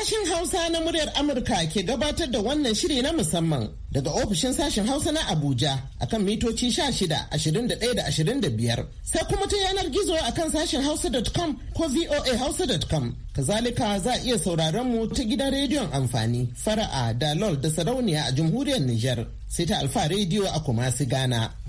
Sashen Hausa na muryar Amurka ke gabatar da wannan shiri na musamman daga ofishin sashen Hausa na Abuja akan mitoci 16, 21 da biyar sai kuma ta yanar gizo akan sashin Hausa.com ko voa voahausa.com. Kazalika za a iya sauraron mu ta gidan rediyon amfani fara'a da lol da sarauniya a jamhuriyar Nijar sai ta alfa rediyo a Kumasi Ghana.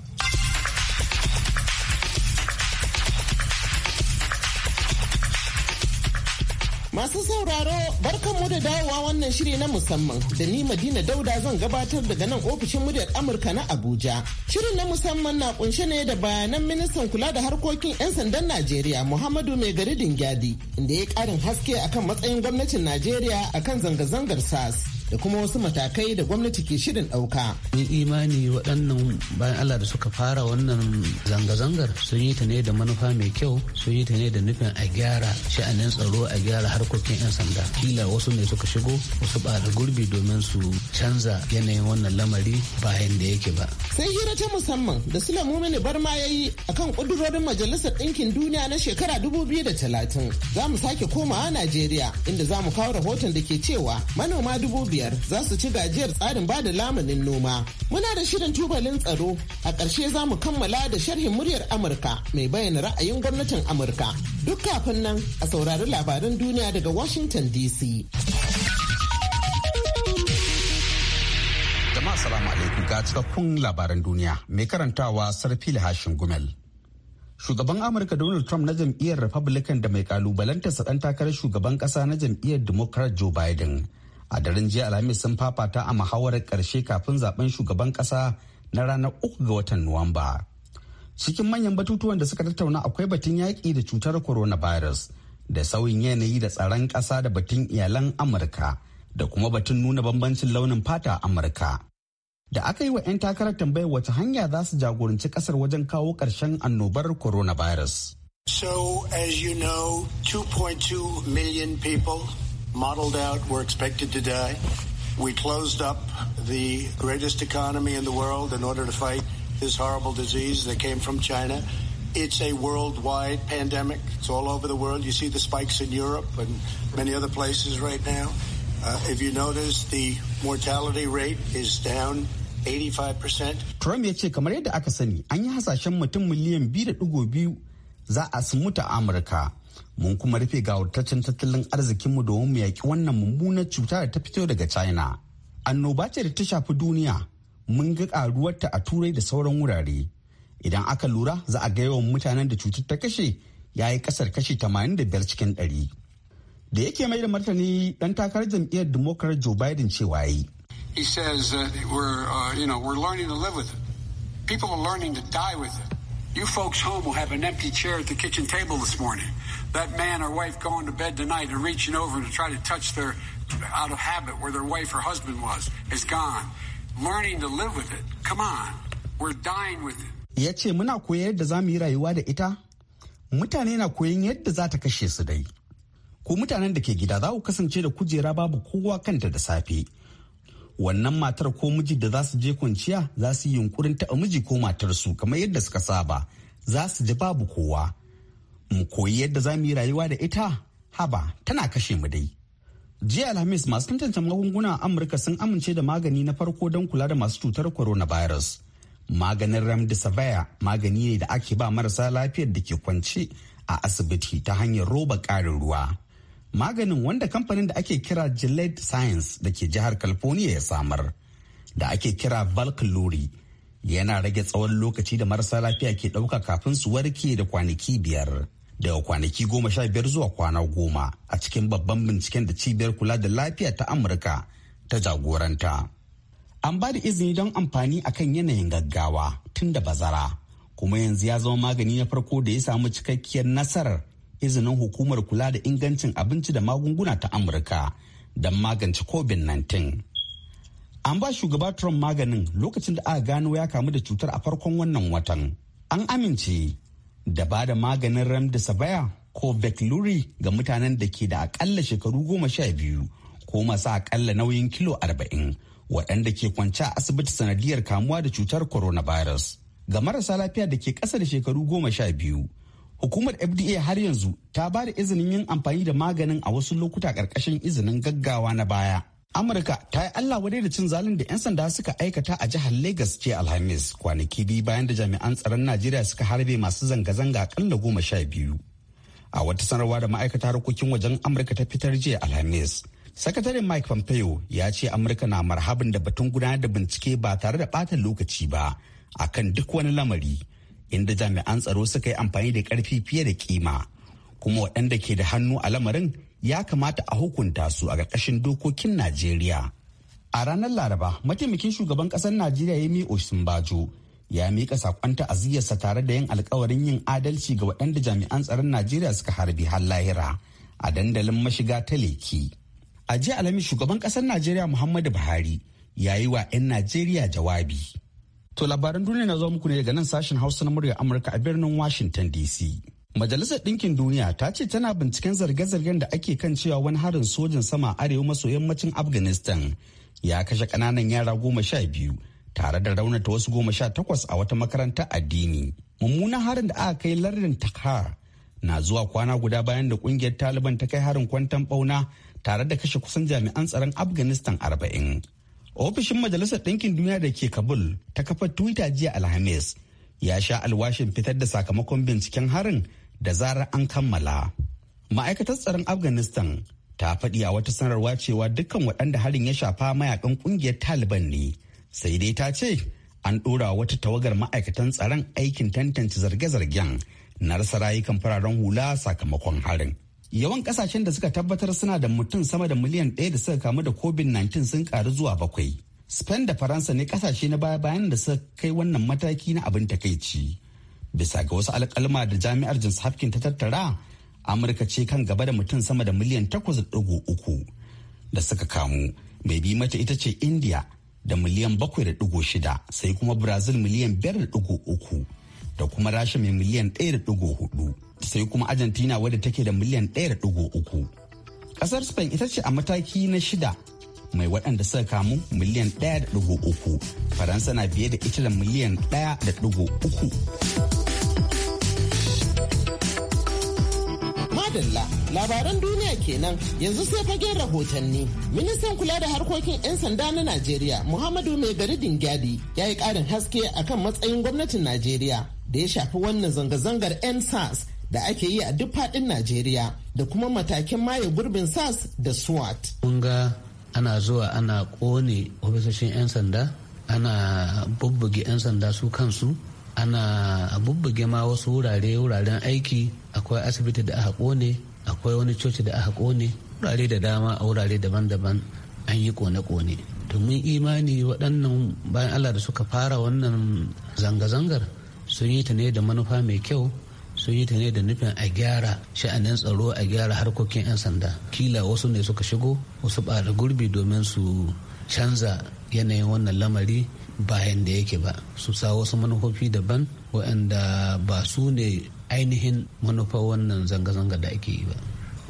Masu sauraro barkanmu da dawowa wannan shiri na musamman da ni Madina Dauda zan gabatar daga nan ofishin muryar Amurka na Abuja. Shirin na musamman na kunshe ne da bayanan ministan kula da harkokin 'yan sandan Najeriya Muhammadu Mai Garidin Gyadi inda ya karin haske akan matsayin gwamnatin Najeriya akan zanga-zangar SAS. da kuma wasu matakai da gwamnati ke shirin ɗauka. Ni imani waɗannan bayan Allah da suka fara wannan zanga-zangar sun yi ta ne da manufa mai kyau sun yi ta ne da nufin a gyara sha'anin tsaro a gyara harkokin 'yan sanda. Kila wasu ne suka shigo wasu ɓada gurbi domin su canza yanayin wannan lamari bayan da yake ba. Sai hira ta musamman da Sulaimu Mumini Barma ya yi kan ƙudurorin Majalisar Ɗinkin Duniya na shekara dubu biyu da talatin Za mu sake komawa Najeriya inda za mu kawo rahoton da ke cewa manoma dubu biyar za su ci gajiyar tsarin ba da lamunin noma. Muna da shirin tubalin tsaro a ƙarshe za mu kammala da sharhin muryar Amurka mai bayyana ra'ayin gwamnatin Amurka. Duk kafin nan a saurari labaran duniya daga Washington DC. Jama'a salamu alaikum ga cikakkun labaran duniya mai karantawa sarfi Hashin Gumel. shugaban amurka donald trump na jam'iyyar republican da mai kalubalantarsa ɗan takarar shugaban ƙasa na jam'iyyar democrat joe biden a daren jiya alhamis sun fafata a muhawarar ƙarshe kafin zaben shugaban ƙasa na ranar uku ga watan nuwamba cikin manyan batutuwan da suka tattauna akwai batun yaƙi da cutar coronavirus da sauyin yanayi da tsaron ƙasa da batun iyalan amurka da kuma batun nuna bambancin launin fata a amurka da aka yi wa 'yan takarar tambayar wace hanya za su jagoranci kasar wajen kawo ƙarshen annobar coronavirus. So, as you know, 2.2 million people modeled out were expected to die. We closed up the greatest economy in the world in order to fight this horrible disease that came from China. It's a worldwide pandemic. It's all over the world. You see the spikes in Europe and many other places right now. Uh, if you notice, the mortality rate is down 85%. Trump ya ce kamar yadda aka sani an yi hasashen mutum miliyan 2.2 za a su mutu a Amurka. mun kuma rufe gawurtaccen tattalin arzikinmu domin mu yaƙi wannan mummunar cuta da ta fito daga china annoba ce da ta shafi duniya mun ga ƙaruwarta a turai da sauran wurare idan aka lura za a ga yawan mutanen da cutar ta kashe ya yi tamanin da 85 cikin 100 da yake mai da martani dan takarar jam'iyyar democrat joe biden cewa yi He says that we're, uh, you know, we're learning to live with it. People are learning to die with it. You folks home will have an empty chair at the kitchen table this morning. That man or wife going to bed tonight and reaching over to try to touch their out of habit where their wife or husband was is gone. Learning to live with it. Come on. We're dying with it. muna koyar yadda za mu yi rayuwa da ita? Mutane na koyon yadda za ta kashe su dai. Ku mutanen da ke gida za ku kasance da kujera babu kowa kanta da safe. wannan matar ko miji da za su je kwanciya za su yi yunkurin taɓa miji ko matar su kamar yadda suka saba za su ji babu kowa mu koyi yadda za mu yi rayuwa da ita haba tana kashe mu dai jiya alhamis masu tantance magunguna a amurka sun amince da magani na farko don kula da masu cutar coronavirus maganin remdesivir magani ne da ake ba marasa lafiyar da ke kwance a asibiti ta hanyar roba ƙarin ruwa maganin wanda kamfanin da ake kira Gillette Science da ke jihar California ya samar da ake kira Lori yana rage tsawon lokaci da marasa lafiya ke ɗauka kafin su warke da kwanaki biyar daga kwanaki goma sha biyar zuwa kwana goma a cikin babban binciken da cibiyar kula da lafiya ta Amurka ta jagoranta. An ba da izini don amfani akan yanayin gaggawa tun da bazara kuma yanzu ya zama magani na farko da ya samu cikakkiyar nasarar izinin hukumar kula da ingancin abinci da magunguna ta amurka don magance covid-19 an ba shugaba trump maganin lokacin da aka gano ya kamu da cutar a farkon wannan watan an amince da ba da maganin remdesivir ko veklury ga mutanen da ke da akalla shekaru goma sha biyu ko masu akalla nauyin kilo arba'in waɗanda ke kwanci a asibiti sanadiyar kamuwa da cutar coronavirus ga marasa lafiya da ke ƙasa da shekaru goma sha biyu Hukumar FDA har yanzu ta ba da izinin yin amfani da maganin a wasu lokuta ƙarƙashin izinin gaggawa na baya. Amurka ta yi Allah wadai da cin zalin da 'yan sanda suka aikata a jihar Legas ce Alhamis kwanaki biyu bayan da jami'an tsaron Najeriya suka harbe masu zanga-zanga akalla goma sha biyu. A wata sanarwa da ma'aikata harkokin wajen Amurka ta fitar jiya Alhamis. Sakataren Mike Pompeo ya ce Amurka na marhabin da batun gudanar da bincike ba tare da ɓata lokaci ba akan duk wani lamari. inda jami'an tsaro suka yi amfani da ƙarfi fiye da kima kuma waɗanda ke da hannu a lamarin ya kamata a hukunta su a ƙarƙashin dokokin najeriya a ranar laraba mataimakin shugaban ƙasar najeriya yemi osinbajo ya miƙa saƙon ta'aziyyarsa tare da yin alkawarin yin adalci ga waɗanda jami'an tsaron najeriya suka harbi har lahira a dandalin mashiga ta leki a jiya alhamis shugaban ƙasar najeriya muhammadu buhari ya yi wa 'yan najeriya jawabi To labaran duniya na zo muku ne daga nan sashen Hausa na murya Amurka a birnin Washington DC. Majalisar Ɗinkin Duniya ta ce tana binciken zarge-zargen da ake kan cewa wani harin sojin sama arewa maso yammacin Afghanistan ya kashe kananan yara goma sha biyu tare da raunata wasu goma sha takwas a wata makaranta addini. Mummunan harin da aka kai lardin Takhar na zuwa kwana guda bayan da ƙungiyar Taliban ta kai harin kwantan bauna tare da kashe kusan jami'an tsaron Afghanistan arba'in. ofishin majalisar ɗinkin duniya da ke kabul ta kafar twitter jiya alhamis ya sha alwashin fitar da sakamakon binciken harin da zarar an kammala ma'aikatar tsaron afghanistan ta faɗi a wata sanarwa cewa dukkan waɗanda harin ya shafa mayakan ƙungiyar taliban ne sai dai ta ce an ɗora wata tawagar ma'aikatan tsaron aikin tantance zarge-zargen na rasa rayukan fararen hula sakamakon harin Yawan kasashen da suka tabbatar suna da mutum sama da miliyan ɗaya da suka kamu da COVID-19 sun karu zuwa bakwai. Spain da Faransa ne kasashe na baya bayan da suka kai wannan mataki na abin takaici. Bisa ga wasu alkalma da jami'ar Johns Hopkins ta tattara, Amurka ce kan gaba da mutum sama da miliyan takwas uku da suka kamu. Mai bi mata ita ce India da miliyan bakwai da shida sai kuma Brazil miliyan biyar da uku da kuma Rasha mai miliyan ɗaya da hudu. sai kuma argentina wadda take da miliyan 1.3 kasar spain ita ce a mataki na shida mai waɗanda suka kamu miliyan 1.3 faransa na biye da italy miliyan 1.3 Madalla labaran duniya kenan yanzu sai fagen rahotanni. Ministan kula da harkokin 'yan sanda na Najeriya Muhammadu Mai Garidin Gadi ya yi ƙarin haske akan matsayin gwamnatin Najeriya da ya shafi wannan zanga-zangar 'yan da ake yi a duk faɗin Najeriya da kuma matakin maye gurbin SAS da SWAT. Kunga ana zuwa ana ƙone ofisoshin 'yan sanda, ana bubbuge 'yan sanda su kansu, ana bubbuge ma wasu wurare wuraren aiki akwai asibiti da aka ƙone, akwai wani coci da aka ƙone, wurare da dama a wurare daban-daban an yi ƙone kone domin imani waɗannan bayan Allah da suka fara wannan zanga-zangar sun yi ta ne da manufa mai kyau sun yi ta ne da nufin a gyara sha'anin tsaro a gyara harkokin 'yan sanda kila wasu ne suka shigo wasu ɓada gurbi domin su canza yanayin wannan lamari bayan da yake ba su sa wasu manufofi daban waɗanda ba su ne ainihin manufar wannan zanga-zanga da ake yi ba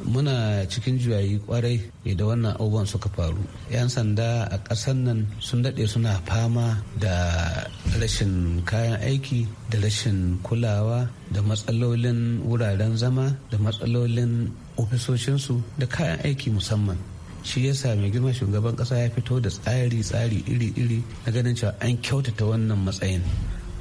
muna cikin juyayi kwarai ne da wannan abubuwan suka faru 'yan sanda a ƙasar nan sun daɗe suna fama da rashin kayan aiki da rashin kulawa da matsalolin wuraren zama da matsalolin ofisoshinsu da kayan aiki musamman shi yasa mai girma shugaban ƙasa ya fito da tsari tsari iri-iri na ganin cewa an kyautata wannan matsayin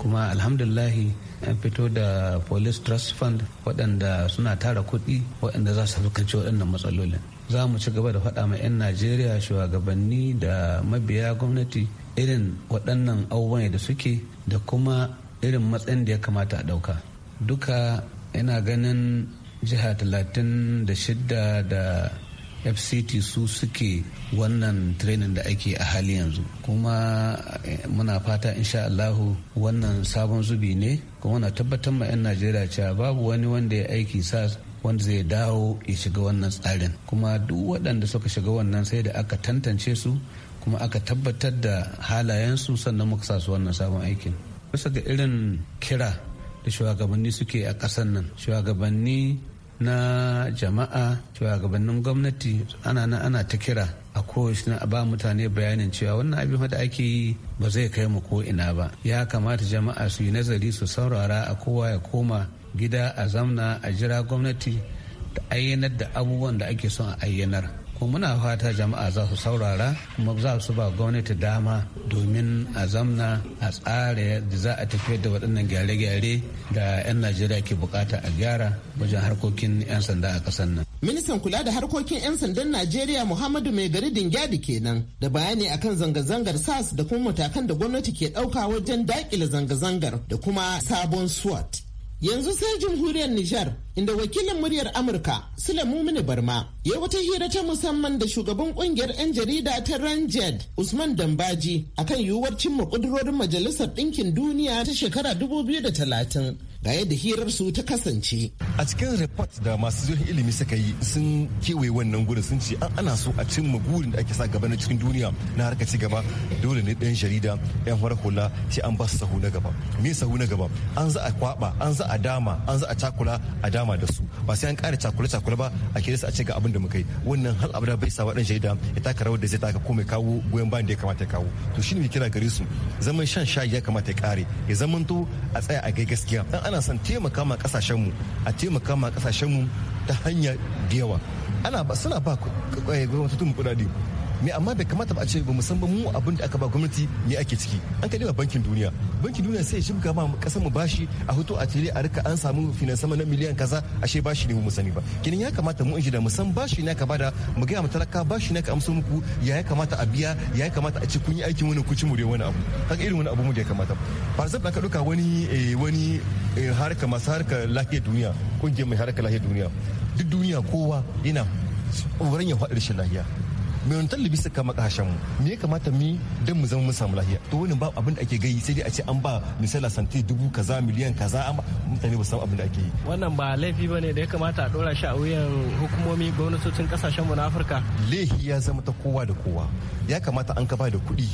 kuma alhamdulahi an fito da police trust fund waɗanda suna tara kuɗi waɗanda za su fuskanci waɗannan matsalolin za mu ci gaba da faɗa ma 'yan najeriya shugabanni da mabiya gwamnati irin waɗannan abubuwan da suke da kuma irin matsayin da ya kamata a ɗauka duka yana ganin jiha talatin da shidda da fct su suke wannan training da ake a hali yanzu kuma eh, muna fata insha allahu wannan sabon zubi ne kuma na tabbatar ma 'yan najeriya cewa babu wani wanda ya aiki sa wanda zai dawo ya shiga wannan tsarin kuma duk waɗanda suka shiga wannan sai da aka tantance su kuma aka tabbatar da halayensu sannan muka sa su wannan sabon aikin bisa ga irin kira da shugabanni suke a ƙasar nan shugabanni na jama'a shugabannin gwamnati ana na ana ta kira a kowace na ba mutane bayanin cewa wannan abin da ake yi ba zai kai mu ko ina ba ya kamata jama'a su yi nazari su saurara a kowa ya koma gida a zamna a jira gwamnati da ayyanar da abubuwan da ake son a ayyanar kuma muna fata jama'a za su saurara kuma za su ba gwamnati dama domin a zamna a tsara da za a tafiyar da waɗannan gyare-gyare da 'yan najeriya ke bukata a gyara wajen harkokin 'yan sanda a ƙasar nan ministan kula da harkokin 'yan sandan najeriya muhammadu mai gari dingyadi kenan da bayani akan zanga-zangar sas da kuma matakan da gwamnati ke ɗauka wajen daƙile zanga-zangar da kuma sabon swat yanzu sai jamhuriyar nijar inda wakilin muryar Amurka Sule Mumini Barma ya wata hira ta musamman da shugaban kungiyar 'yan jarida ta Ranjed Usman Dambaji akan yiwuwar cimma kudurorin Majalisar Ɗinkin Duniya ta shekara 2030. ga yadda hirar su ta kasance. A cikin report da masu zuwa ilimi suka yi sun kewaye wannan gudun sun ce an ana so a cimma gurin da ake sa gaba na cikin duniya na harka ci gaba dole ne ɗan jarida ɗan farar hula sai an ba su sahu na gaba. Me sahu na gaba? An za a kwaba, an za a dama, an za a cakula, a dama nama da su ba sai an kare cakule cakule ba a ke a ce ga abin da muka yi wannan hal abu da bai sa waɗannan shaida ya taka rawar da zai taka ko mai kawo goyon bayan da ya kamata ya kawo to shine mai kira gare su zaman shan shayi ya kamata ya kare ya zamanto a tsaya a gai gaskiya dan ana son taimaka ma kasashen mu a taimaka ma kasashen mu ta hanya da yawa ana ba suna ba eh, tun kudade me amma bai kamata ba a ce ba mu mu abin da aka ba gwamnati me ake ciki an ma bankin duniya bankin duniya sai ya shimka ma kasar mu bashi a hoto a tare a rika an samu finan sama na miliyan kaza a ashe bashi ne mu sani ba kenan ya kamata mu inji da mu san bashi ne ka bada mu ga mu talaka bashi ne ka amsa muku ya ya kamata a biya ya ya kamata a ce kun yi aikin wani kuci mu da wani abu haka irin wani abu mu da ya kamata ba zan ka duka wani eh, wani eh, harka masu harka lafiyar duniya kungiyar mai harka lafiyar duniya duk duniya kowa yana wurin ya faɗi rashin lafiya mai wani tallabi suka kama mu me ya kamata mu don mu zama mun samu lafiya to wani ba abin da ake gai sai dai a ce an ba misala santi dubu kaza miliyan kaza an mutane ba su san abin da ake yi wannan ba laifi ba ne da ya kamata a dora shi a wuyan hukumomi gwamnatocin kasashen mu na Afirka laifi ya zama ta kowa da kowa ya kamata an ba da kuɗi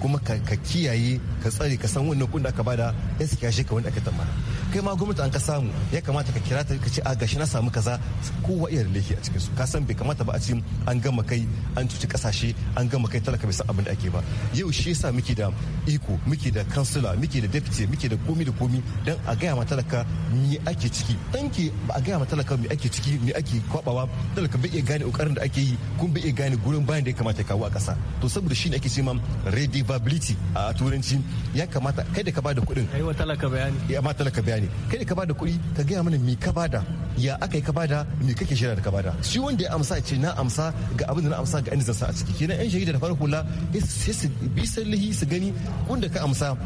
kuma ka kiyaye ka tsare ka san wannan kuɗin da aka bada ya shi ka wanda aka tambara kai ma gwamnati an ka samu ya kamata ka kira ta ka ce a gashi na samu kaza kowa iya laifi a cikin su ka san bai kamata ba a ce an gama kai an cuci kasashe an gama kai talaka bai san abin da ake ba yau shi yasa muke da iko muke da kansila muke da deputy muke da komi da komi dan a gaya ma talaka me ake ciki ke ba a gaya ma talaka me ake ciki me ake kwabawa talaka bai iya gane kokarin da ake yi kun bai iya gane gurin bayan da ya kamata ka kawo a kasa to saboda shi ne ake cewa ma redivability a turanci ya kamata kai da ka bada kuɗin ai wa talaka bayani ya ma talaka bayani ne kai ka bada kuɗi ka gaya mana mi ka bada ya aka yi ka bada mi kake shirya da ka bada shi wanda ya amsa ce na amsa ga abin da na amsa ga inda sa a ciki kenan yan shahida da farar hula eh, sai su bi sallahi su gani wanda ka amsa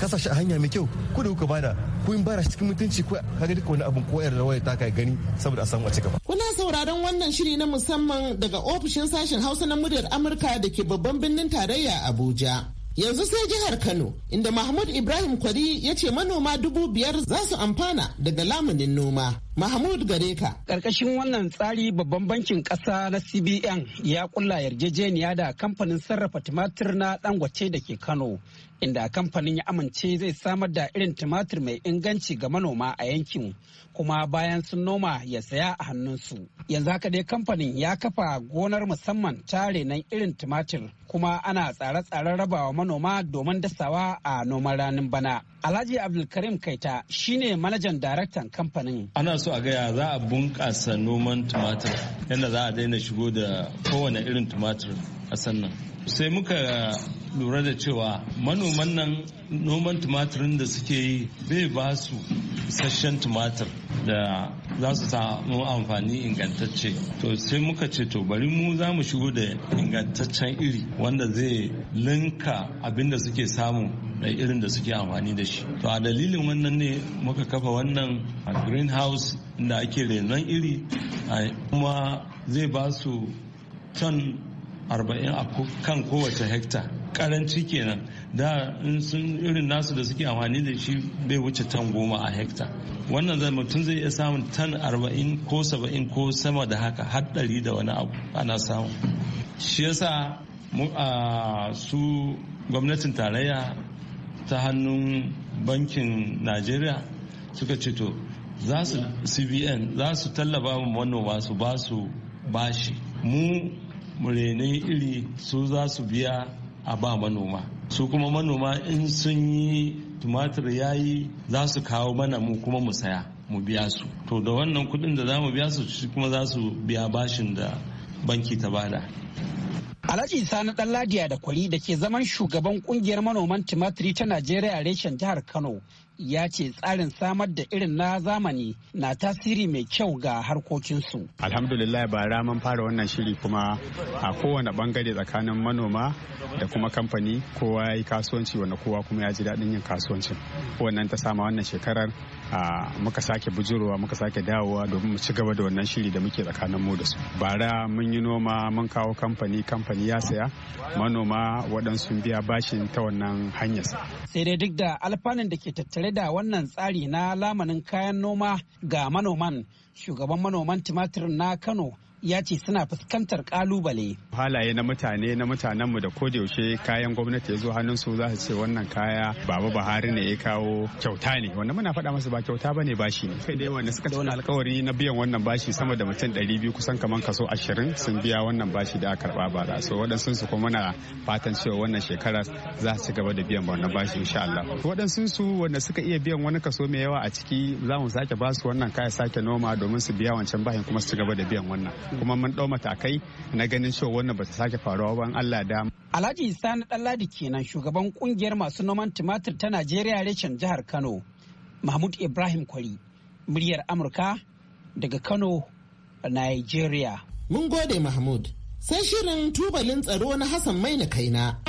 ka sa shi a hanya mai kyau ko da kuka bada ko in bara cikin mutunci ko ga duka wani abin ko da rawaya ta kai gani saboda a samu a ci gaba kuna sauraron wannan shiri na musamman daga ofishin sashen Hausa na muryar Amurka da ke babban birnin tarayya Abuja Yanzu sai jihar Kano, inda Mahmud Ibrahim Kwari ya ce manoma dubu biyar za su amfana daga lamunin noma. Mahmud Gareka. Karkashin wannan tsari babban bankin ƙasa na CBN ya kulla yarjejeniya da kamfanin sarrafa tumatir na Dangote da ke Kano, inda kamfanin ya amince zai samar da irin tumatir mai inganci ga manoma a yankin, kuma bayan sun noma ya saya a hannunsu. Yanzu haka dai kamfanin ya kafa gonar musamman tare nan irin tumatir, kuma ana tsare-tsaren rabawa manoma domin dasawa a noman ranin bana. Alhaji Abdulkarim Kaita shine manajan daraktan kamfanin. Ana so a gaya za a bunƙasa noman tumatir yadda za a daina shigo da kowane irin tumatir a nan. Sai muka lura da cewa manoman nan noman tumatirin da suke yi bai ba su sashen tumatir da za su samu amfani ingantacce to sai muka ce to bari mu za mu shigo da ingantaccen iri wanda zai linka abinda suke samu mai irin da suke amfani da shi to a dalilin wannan ne muka kafa wannan greenhouse da ake renon iri kuma zai ba su ton 40 a kan kowace hekta karanci kenan da in sun irin nasu da suke amfani da shi bai wuce tan goma a hekta wannan zai mutum zai iya samun tan 40 ko 70 ko sama da haka haɗari da wani abu ana samu shi yasa su gwamnatin tarayya ta hannun bankin najeriya suka ce to za su cbn za su tallaba mu manoma su ba su bashi mu rene iri su za su biya a ba manoma su kuma manoma in sun yi tumatir yayi za su kawo mana mu kuma mu saya mu biya su to da wannan kudin da za mu biya su kuma za su biya bashin da banki ta bada Alhaji Sani ladiya da Kwari da ke zaman shugaban kungiyar manoman timatiri ta Najeriya reshen jihar Kano ya ce tsarin samar da irin na zamani na tasiri mai kyau ga harkokinsu. Alhamdulillah ba ramin fara wannan shiri kuma a kowane bangare tsakanin manoma da kuma kamfani kowa ya yi kasuwanci wanda kowa kuma ya ji daɗin yin kasuwancin. Wannan ta sama wannan shekarar muka sake bujurowa muka sake dawowa domin mu ci gaba da wannan shiri da muke tsakanin mu da su. Bara mun yi noma mun kawo kamfani kamfani ya saya manoma waɗansu biya bashin ta wannan hanyar. Sai dai duk da alfanun da ke tattare da wannan tsari na lamanin kayan noma ga manoman shugaban manoman tumatir na kano ya ce suna fuskantar kalubale. Halaye na mutane na mutanenmu da yaushe kayan gwamnati ya zo hannunsu za su ce wannan kaya baba Buhari ne ya kawo kyauta ne wanda muna faɗa masa ba kyauta ba ne bashi ne. Kai dai wanda suka ci alkawari na biyan wannan bashi sama da mutum ɗari biyu kusan kamar kaso ashirin sun biya wannan bashi da aka karɓa da So waɗansu su kuma muna fatan cewa wannan shekara za su ci gaba da biyan wannan bashi insha Allah. Waɗansu su wanda suka iya biyan wani kaso mai yawa a ciki za mu sake ba su wannan kaya sake noma domin su biya wancan bashin kuma su ci gaba da biyan wannan. kuma mun ɗau matakai na ganin cewa wannan ba ta sake faruwa ban Allah da. Alhaji Sani Ɗanladi kenan shugaban kungiyar masu noman tumatir ta Najeriya reshen jihar Kano. Mahmud Ibrahim Kwari, muryar Amurka daga Kano, Nigeria. Mun gode Mahmud. Sai shirin tubalin tsaro na Hassan Maina kaina.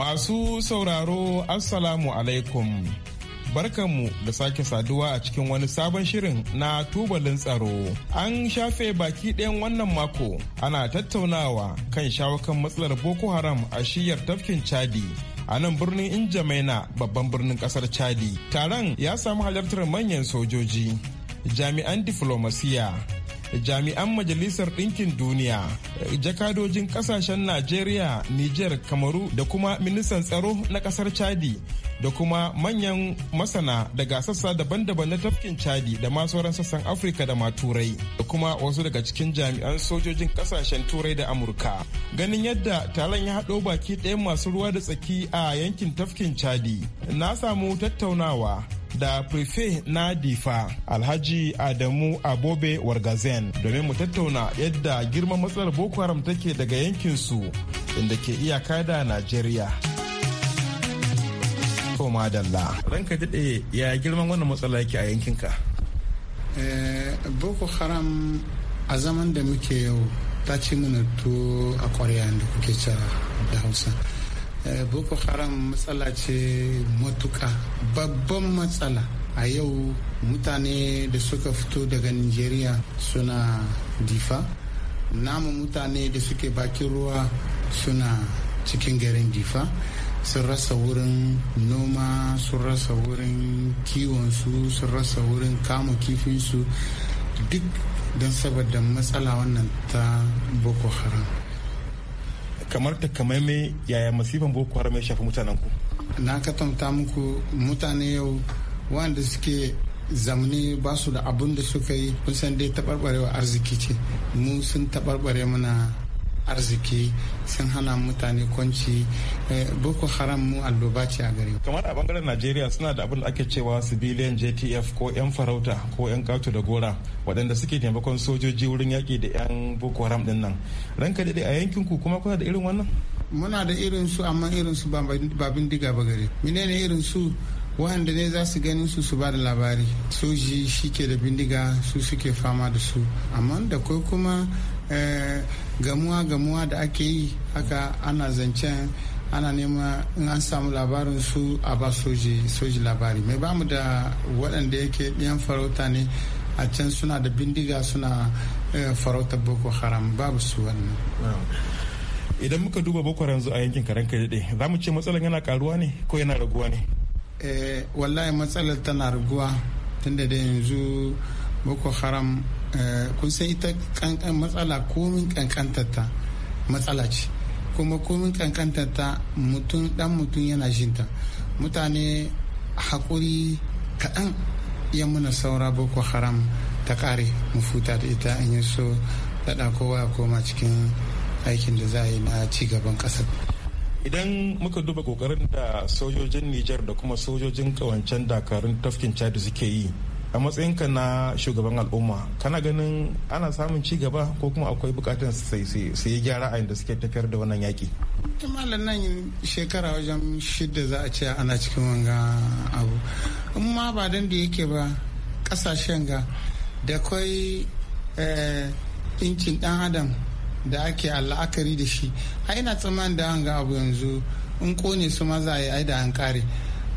Masu sauraro Assalamu alaikum. Barkanmu da sake saduwa a cikin wani sabon shirin na tubalin tsaro. An shafe baki ɗayan wannan mako ana tattaunawa kan shawakan matsalar Boko Haram a shiyar tafkin Chadi. a nan birnin Injamaina babban birnin kasar Chadi. Taron ya samu halartar manyan sojoji, jami'an diflomasiya, jami'an majalisar ɗinkin duniya jakadojin ƙasashen najeriya niger kamaru da kuma ministan tsaro na ƙasar chadi da kuma manyan masana daga sassa daban-daban na tafkin chadi da ma sauran sassan afirka da ma turai da kuma wasu daga cikin jami'an sojojin ƙasashen turai da amurka ganin yadda taron ya haɗo baki ɗayan masu ruwa da tsaki a yankin tafkin chadi na samu tattaunawa da prefe na difa alhaji adamu abobe wargazen domin mu tattauna yadda girman matsalar boko haram take daga yankinsu inda ke iyaka da najeriya ranka daɗe ya girman wannan matsala yake a yankinka eh, boko haram a zaman da muke yau ta ci mana to a ƙwarya da kuke cewa da hausa Eh, boko haram matsala ce matuka babban matsala a yau mutane da suka fito daga nigeria suna difa namu mutane da suke bakin ruwa suna cikin garin difa sun rasa wurin noma sun rasa wurin kiwonsu sun rasa wurin kama kifinsu duk don saboda matsala wannan ta boko haram kamar takamaimai yaya masifan boko haram ya shafi mutanen ku na katanta muku mutane yau wanda suke zamani ba su da abun da suka yi kun san dai taɓarɓarewa arziki ce mu sun taɓarɓare mana arziki sun hana mutane kwanci eh, boko haram mu alloba ce a gari kamar a bangaren najeriya suna da abin da ake cewa civilian jtf ko yan farauta ko yan kato da gora waɗanda suke taimakon sojoji wurin yaƙi da yan boko haram din nan ranka daidai a yankin ku kuma kuna da irin wannan muna da irin su amma irin su ba bindiga ba gari. menene irin su wanda ne za su ganin su su ba da labari soji shi ke da bindiga su suke fama da su amma da kai kuma Eh, gamuwa gamuwa da ake yi haka ana zancen ana nema in an samu labarin su a ba soji soji labari mai bamu da waɗanda yake ɗiyan farauta ne a can suna da bindiga suna eh, farauta boko haram babu su wannan idan muka duba boko haram a yankin karen daɗe za mu ce matsalar yana karuwa ne ko yana raguwa ne eh, wallahi matsalar tana raguwa tunda da yanzu boko haram Eh, kun san ita kankan matsala komin kankantarta matsala ce kuma komin kankantarta mutum dan mutum yana jinta mutane haƙuri kaɗan ya muna saura boko haram ta ƙare mu futa da ita an yi so daɗa kowa koma cikin aikin da za a yi na ci gaban ƙasar idan muka duba kokarin da sojojin nijar da kuma sojojin kawancen dakarun tafkin chad suke yi a matsayinka na shugaban al'umma kana ganin ana samun ci gaba ko kuma akwai bukatar su yi gyara a inda suke tafiyar da wannan yaƙi malam nan shekara wajen shida za a ce ana cikin wanga abu amma ba don da yake ba kasashen ga da kwai eh, incin dan adam da ake la'akari da shi a ina tsammanin da hanga abu yanzu in kone su ma za a yi aida an kare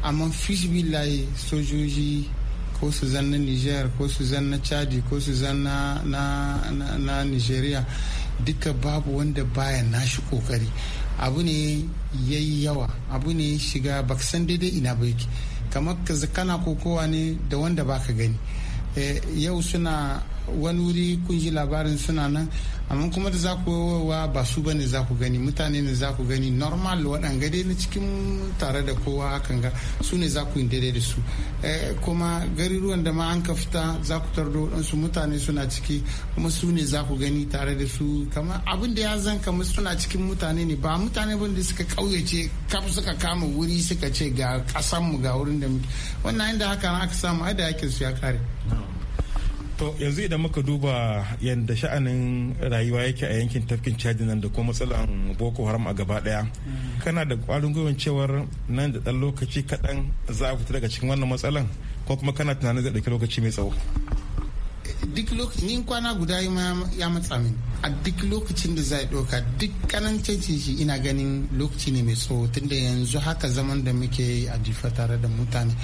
amma fisbillahi sojoji ko su zan na niger ko su zan chadi ko su zan na, na, nigeria duka babu wanda baya nashi kokari abu ne ya yi yawa abu ne shiga baksan daidai ina ba ka kamar kana kokowa ne da wanda baka gani eh, yau suna wani wuri kun ji labarin suna nan amma kuma da za ku wa ba su ba ne za ku gani mutane ne za ku gani normal waɗanga dai na cikin tare da kowa hakan ga su ne za ku yi daidai da su eh, kuma gariruwan da ma an ka fita za ku tardo waɗansu mutane suna ciki kuma su ne za ku gani tare da su kamar abin da ya zan kamar suna cikin mutane ne ba mutane ba da suka ƙauyace kaf suka kama wuri suka ce ga ƙasanmu ga wurin da muke wannan inda haka aka samu ai da yakin su ya kare. to yanzu idan muka duba yadda sha'anin rayuwa yake a yankin tafkin chadi nan da kuma matsalan boko haram a gaba daya kana da kwarin gwiwan cewar nan da dan lokaci kaɗan za a fita daga cikin wannan matsalan ko kuma kana tunanin zai ɗauki lokaci mai tsawo duk lokacin kwana guda ya matsa min a duk lokacin da zai doka duk kanancin shi ina ganin lokaci ne mai tsawo tunda yanzu haka zaman da muke a jifa tare da mutane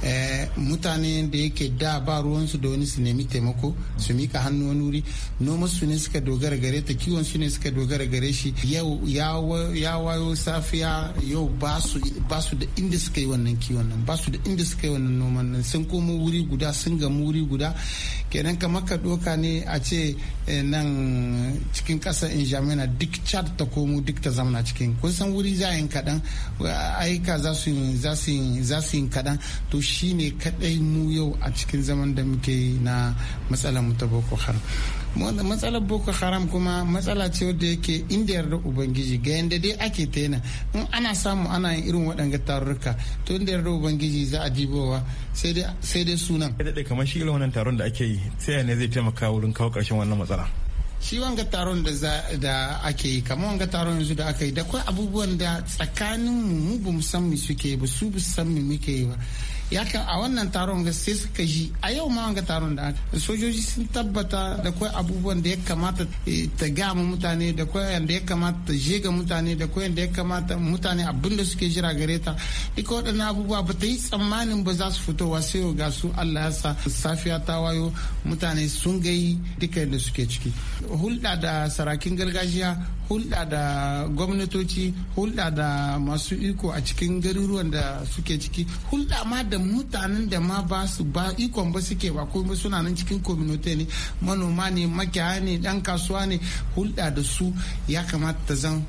Eh, mutane da yake da ba ruwansu da wani su nemi taimako su mika hannu wani wuri noma su ne suka dogara gare ta kiwon su ne suka dogara gare shi yau ya wayo safiya yau ba su da inda suka yi wannan kiwon nan ba su da inda suka yi wannan noman nan sun komo wuri guda sun gamu wuri guda kenan kamar ka doka ne a ce eh, nan cikin ƙasar injamina duk chad ta komo duk ta zamana cikin kun san wuri za yin kaɗan aika za su yin kaɗan to shine kadai mu yau a cikin zaman da muke yi na matsalar mu ta boko haram matsalar boko haram kuma matsala ce wadda yake inda yarda ubangiji ga yadda dai ake ta yana in ana samu ana yin irin waɗanga tarurruka to inda yarda ubangiji za a jibowa sai dai sunan ya daɗe kamar shi irin wannan taron da ake yi sai ne zai taimaka wurin kawo ƙarshen wannan matsala shi wanga taron da ake yi kamar wanga taron yanzu da aka yi da kwai abubuwan da tsakanin mu mu ba mu san mu suke ba su ba san mu muke yi ba ya kan a wannan taron ga sai suka ji a yau ma wanga taron da aka sojoji sun tabbata da kwai abubuwan da ya kamata eh, ta gama mutane da kwai da ya kamata ta je ga mutane da kwai da ya kamata mutane abin da suke jira gare ta duka waɗannan abubuwa ba ta yi tsammanin ba za su fitowa sai ga su Allah ya sa safiya ta wayo mutane sun gai duka da suke ciki hulɗa da sarakin gargajiya hulɗa da gwamnatoci hulɗa da masu iko a cikin garuruwan da suke ciki hulɗa ma da mutanen da ma ba su ba ikon ba suke ba kuma suna nan cikin community ne manoma ne makiya ne ɗan kasuwa ne hulɗa da su ya kamata zan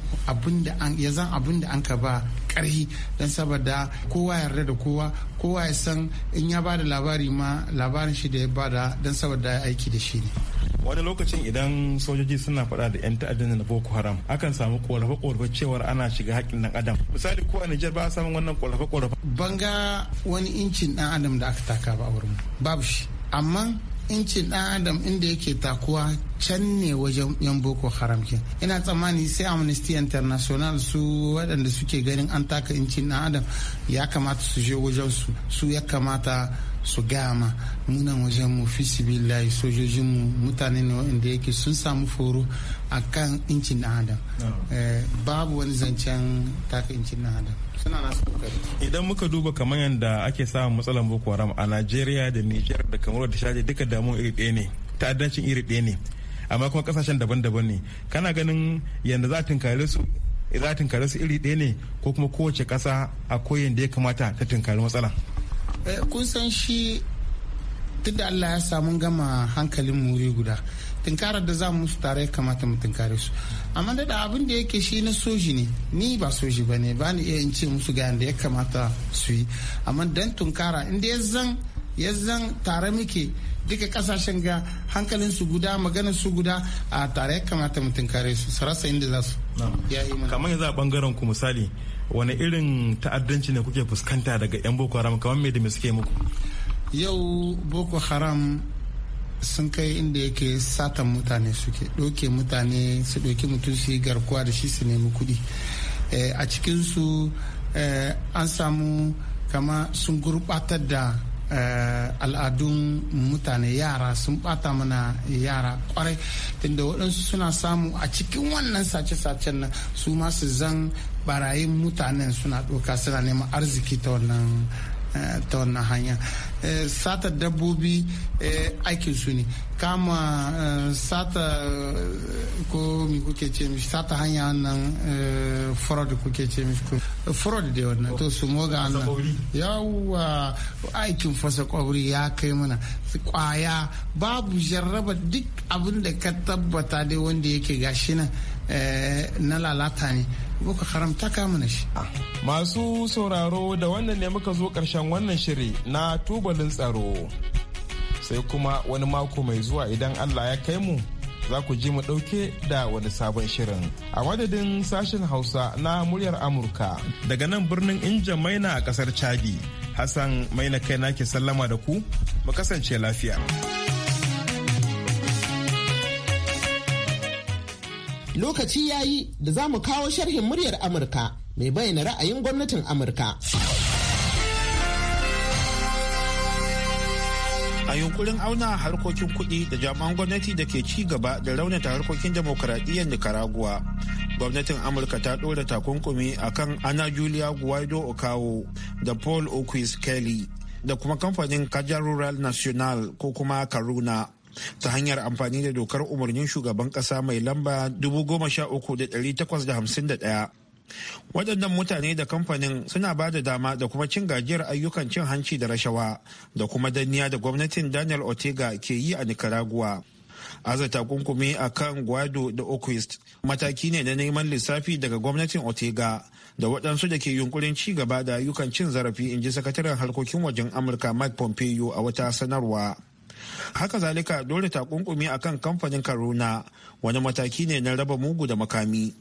zan abin an ka ba karhi don saboda kowa yarda da kowa kowa ya san in ya ba da labari ma labarin shi da ya bada don saboda aiki da shi ne wani lokacin idan sojoji suna faɗa da 'yan ta'addan na boko haram akan samu ƙorafe ƙorafe cewar ana shiga haƙƙin ɗan adam misali ko a nijar ba a samun wannan ƙorafe. ban banga wani incin ɗan adam da aka taka ba a wurin babu shi amma incin ɗan adam inda yake takuwa can ne wajen yan boko haram ke ina tsammani sai amnesty international su waɗanda suke ganin an taka incin ɗan adam ya kamata su je wajen su su ya kamata su gama muna wajen mu fi sibilai sojojin mu mutane ne wanda yake sun samu foro a kan incin na adam eh, babu wani zancen taka incin na adam suna nasu kokari idan muka duba kamar yadda ake samun matsalar boko haram a nigeria da niger da kamar da shaje duka damuwa iri ɗaya ne ta'addancin iri ɗaya ne amma kuma kasashen daban-daban ne kana ganin yadda za a tunkare su za a tunkare su iri ɗaya ne ko kuma kowace ƙasa a koyin da ya kamata ta tunkari matsala Eh, kun san shi duk da Allah ya samu gama hankalin muri guda tunkarar da za mu su tare kamata mu tunkare su amma da abin da yake shi na soji ne ni ba soji ba ne ba ni iya in ce musu ga da ya kamata su yi amma dan tunkara inda ya zan ya zan tare muke duka kasashen ga hankalin su guda maganar su guda a tare ya kamata mu tunkare su sarasa inda za su kamar yanzu a bangaren ku misali wani irin ta'addanci ne kuke fuskanta daga 'yan boko haram kamar me da me suke muku yau boko haram sun kai inda yake satan mutane suke ɗauke mutane su ɗauki mutum su yi garkuwa da shi su nemi kuɗi eh, a cikinsu eh, an samu kama sun gurɓatar da Eh, al'adun mutane yara sun bata mana yara kwarai tunda waɗansu suna samu a cikin wannan sace-sacen na su masu zan barayin mutanen suna doka suna neman arziki ta wannan eh, ta wannan hanya eh, sata dabbobi aikin su ne kama sata ko mi kuke ce mishi sata hanya nan fura da kuke ce mishi fraud da wannan to su moga nan yawwa aikin fasa kwauri ya kai mana kwaya babu jarraba duk abin da ka tabbata dai wanda yake gashi nan eh, na lalata ne boko haram ta kama shi. masu sauraro da wannan ne muka zo karshen wannan shiri na tubalin tsaro sai kuma wani mako mai zuwa idan allah ya kai mu za ku ji mu ɗauke da wani sabon shirin. A madadin sashen Hausa na muryar Amurka. Daga nan birnin Injin Maina a ƙasar Chadi, Hassan Maina kai ke sallama da ku, mu kasance lafiya. Lokaci ya yi da za mu kawo sharhin muryar Amurka mai bayyana ra'ayin gwamnatin Amurka. a yunkurin auna harkokin kuɗi da jami'an gwamnati da ke ci gaba da raunata harkokin demokuraɗiyyar nicaragua gwamnatin amurka ta ɗora takunkumi akan ana julia guaido okawo da paul oquis kelly da kuma kamfanin kajar rural national ko kuma karuna ta hanyar amfani da dokar umarnin shugaban kasa mai lamba 13851 waɗannan mutane da kamfanin suna ba da dama da kuma cin gajiyar ayyukan cin hanci da rashawa da kuma danniya da gwamnatin daniel otega ke yi a nicaragua aza takunkumi a kan guado da oquist mataki ne na neman lissafi daga gwamnatin otega da waɗansu da ke yunkurin ci gaba da ayyukan cin zarafi in ji sakataren harkokin wajen amurka mike pompeo a wata sanarwa haka zalika dole takunkumi kan kamfanin karuna wani mataki ne na raba mugu da makami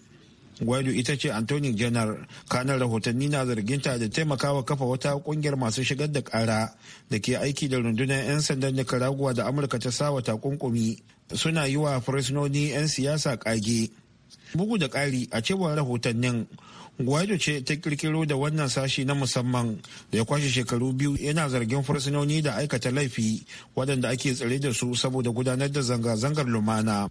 Guaido ita ce Anthony Janar kanar rahotanni na zarginta da taimakawa kafa wata kungiyar masu shigar da kara da ke aiki da rundunar 'yan sandan Nicaragua da Amurka ta sawa takunkumi suna yi wa fursunoni 'yan siyasa kage. Bugu da ƙari a cewar rahotannin Guaido ce ta kirkiro da wannan sashi na musamman da ya kwashe shekaru biyu yana zargin fursunoni da aikata laifi waɗanda ake tsare da su saboda gudanar da zanga-zangar lumana.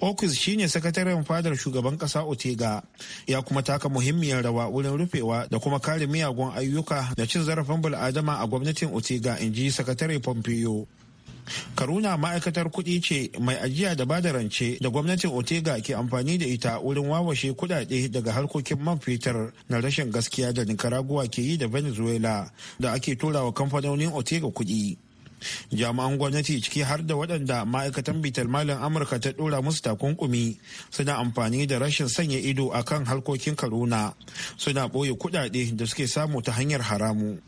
Okus shine sakataren fadar shugaban kasa Otega ya kuma taka muhimmiyar rawa wurin rufewa da kuma kare miyagun ayyuka da cin zarafin bul'adama a gwamnatin Otega in ji sakatare Pompeo. Karuna ma'aikatar kuɗi ce mai ajiya da bada rance da gwamnatin Otega ke amfani da ita wurin wawashe kuɗaɗe daga harkokin man fetur na rashin gaskiya da Nicaragua ke yi da Venezuela da ake turawa kamfanonin Otega kuɗi. jami'an gwamnati ciki har da waɗanda ma'aikatan bitar malin amurka ta ɗora musu takunkumi suna amfani da rashin sanya ido a kan harkokin karuna suna ɓoye kuɗaɗe da suke samu ta hanyar haramu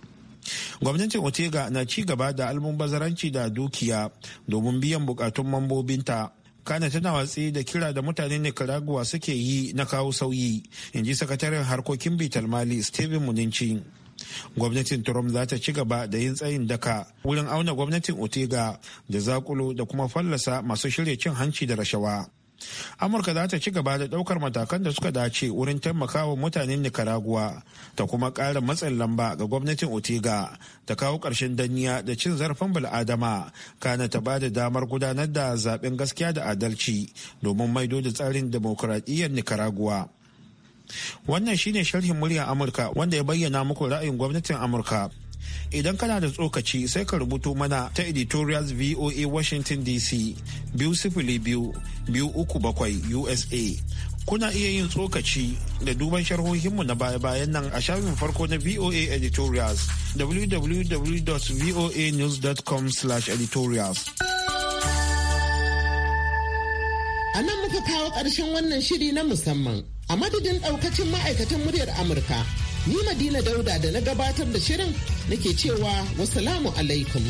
gwamnatin otega na ci gaba da almubazzaranci da dukiya domin biyan bukatun mambobinta kana tana watsi da kira da mutanen nicaragua suke yi na kawo sauyi in ji sakataren harkokin bitar mali steven muninci gwamnatin trump za ta ci gaba da yin tsayin daka wurin auna gwamnatin otega da zaƙulo da kuma fallasa masu shirya cin hanci da rashawa amurka za ta ci gaba da daukar matakan da suka dace wurin taimakawa mutanen nicaragua ta kuma ƙara matsin lamba ga gwamnatin otega ta kawo ƙarshen danniya da cin zarafin bil'adama kana ta ba da damar gudanar da zaben gaskiya da adalci domin maido da tsarin demokuraɗiyyar nicaragua Wannan shine sharhin muryar Amurka wanda ya bayyana muku ra'ayin gwamnatin Amurka. Idan kana da tsokaci sai ka rubuto mana ta editorials VOA Washington DC biyu sifili biyu biyu uku bakwai USA. Kuna iya yin tsokaci da duban sharhohinmu na baya-bayan nan a shafin farko na VOA editorials www.voanews.com/editorials. A nan muka kawo ƙarshen wannan shiri na musamman. A madadin ɗaukacin ma'aikatan muryar Amurka, ni Madina Dauda da na gabatar da shirin nake cewa wasalamu alaikum.